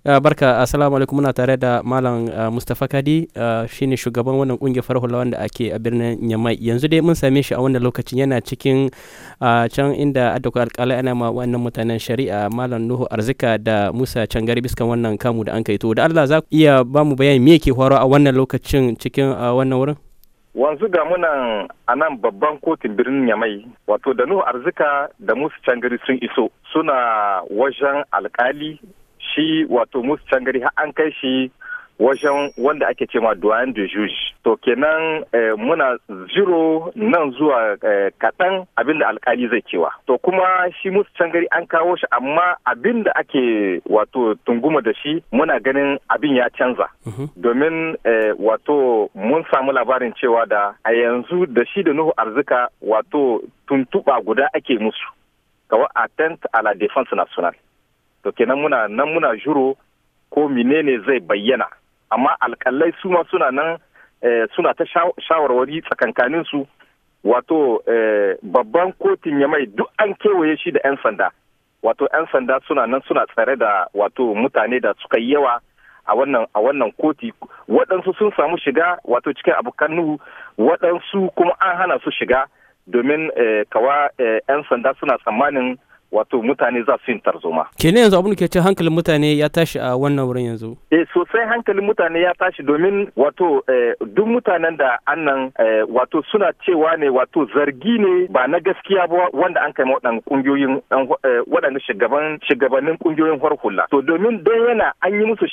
Uh, barka assalamu alaikum muna tare da malam uh, mustapha kadi uh, shine shugaban wannan kungiyar farhula wanda ake a birnin nyamai yanzu dai mun same shi a wannan lokacin yana cikin uh, can inda addu'a alƙalai ana ma wannan mutanen shari'a malam nuhu arzika da musa cangari biskan wannan kamu da an kai to da allah za ku iya ba mu bayani me ke faruwa a wannan lokacin cikin uh, wannan wurin wanzu ga munan a nan babban kotun birnin nyamai wato da nuhu arzika da musa cangari sun iso suna wajen alkali shi wato musu can har an kai shi wajen wanda ake cewa doyen de juge to kenan eh, muna zero nan zuwa eh, kaɗan abin da alkali zai cewa to kuma shi musu can an kawo shi amma abin da ake wato tunguma da shi muna ganin abin ya canza mhm. domin eh, wato mun samu labarin cewa da a yanzu da shi da nuhu arzika wato tuntuɓa guda ake musu kawai attempt a la defense nationale to kenan muna nan muna juro ko menene zai bayyana amma alkalai su ma suna nan eh, suna ta shawarwari tsakankanin su wato eh, babban kotun ya mai duk an kewaye shi da 'yan sanda wato 'yan sanda suna nan suna tsare da wato mutane da suka yi yawa a wannan a wannan koti waɗansu sun samu shiga wato cikin abokan nuhu waɗansu kuma an hana su shiga domin eh, kawa 'yan sanda suna tsammanin wato mutane za su yin tarzoma. Kenan yanzu abin ke ce hankalin mutane ya tashi a wannan wurin yanzu? Eh sosai hankalin mutane ya tashi domin wato eh, duk mutanen da annan eh, wato suna cewa ne wato zargi ne ba na gaskiya ba wanda an kai waɗannan kungiyoyin eh, waɗanda shugaban shugabannin kungiyoyin harhula. To domin don yana an yi musu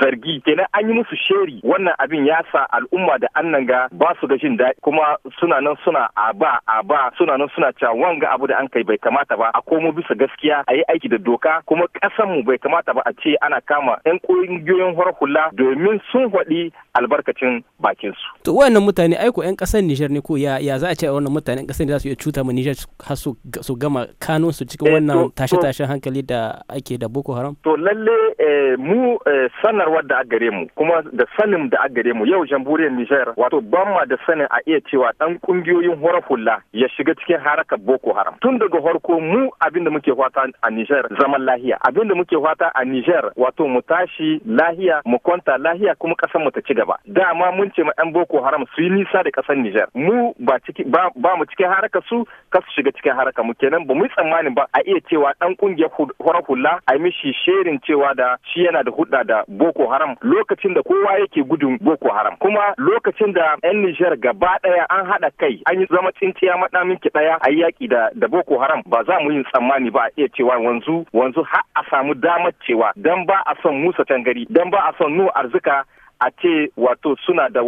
zargi kenan an yi musu sheri wannan abin ya sa al'umma da annan ga ba su da jin daɗi kuma suna nan suna a ba a ba suna nan suna cewa wanga abu da an kai bai kamata ba ba a komo bisa gaskiya a yi aiki da doka kuma ƙasan mu bai kamata ba a ce ana kama 'yan ƙungiyoyin horar hula domin sun haɗi albarkacin bakin su. To wayannan mutane aiko 'yan ƙasar Niger ne ko ya ya za a ce wannan mutane ƙasar kasan za su iya cuta mu Niger har su gama kanun su cikin eh, wannan tashe-tashen hankali da ake da Boko Haram? To lalle eh, mu eh, sanarwar da a gare mu kuma da sanin da a gare mu yau jamhuriyar Nijar wato ban ma da sanin a iya cewa dan kungiyoyin horar hula ya shiga cikin harakar Boko Haram. Tun daga farko mu mu abin da muke fata a Niger zaman lahiya abin da muke fata a Niger wato mu tashi lahiya mu kwanta lahiya kuma kasar mu ta ci gaba dama mun ce ma yan Boko Haram su yi nisa da kasar Niger mu ba ciki ba, mu cikin haraka su ka su shiga cikin haraka mu kenan ba mu yi tsammanin ba a iya cewa dan kungiyar horar hula a mishi sherin cewa da shi yana da hudda da Boko Haram lokacin da kowa yake gudun Boko Haram kuma lokacin da yan Niger gaba daya an hada kai an yi zama tsinciya madamin ki daya a yaki da da Boko Haram ba za mu mu yin tsammani ba a iya cewa wanzu wanzu har a samu damar cewa dan ba a son Musa Tangari dan ba a son nuna Arzika a ce wato suna da eh,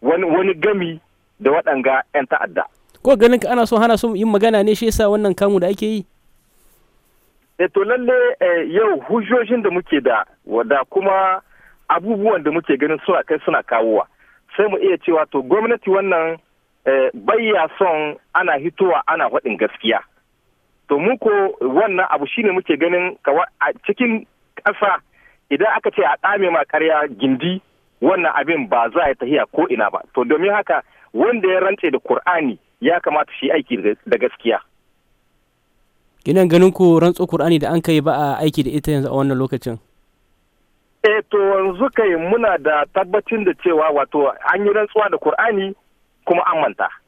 wani wani gami da waɗanga 'yan ta'adda. Ko ganin ka ana son hana su yin magana ne shi yasa wannan kamu da ake yi? E to lalle eh, yau hujjojin da muke da wada kuma abubuwan da muke ganin suna kai suna kawowa. Sai mu iya cewa to gwamnati wannan Eh, bayya son ana hitowa ana faɗin gaskiya to mu ko wannan abu shine muke ganin a cikin ƙasa idan aka ce a ɗame ma ƙarya gindi wannan abin ba za ya tahiya ko ina ba to domin haka wanda ya rantse da kur'ani ya kamata shi aiki da gaskiya Ina ganin ku rantso kur'ani da an kai ba a aiki da ita yanzu a wannan lokacin eh to yanzu kai muna da tabbacin da cewa wato an yi rantsuwa da kur'ani kuma an manta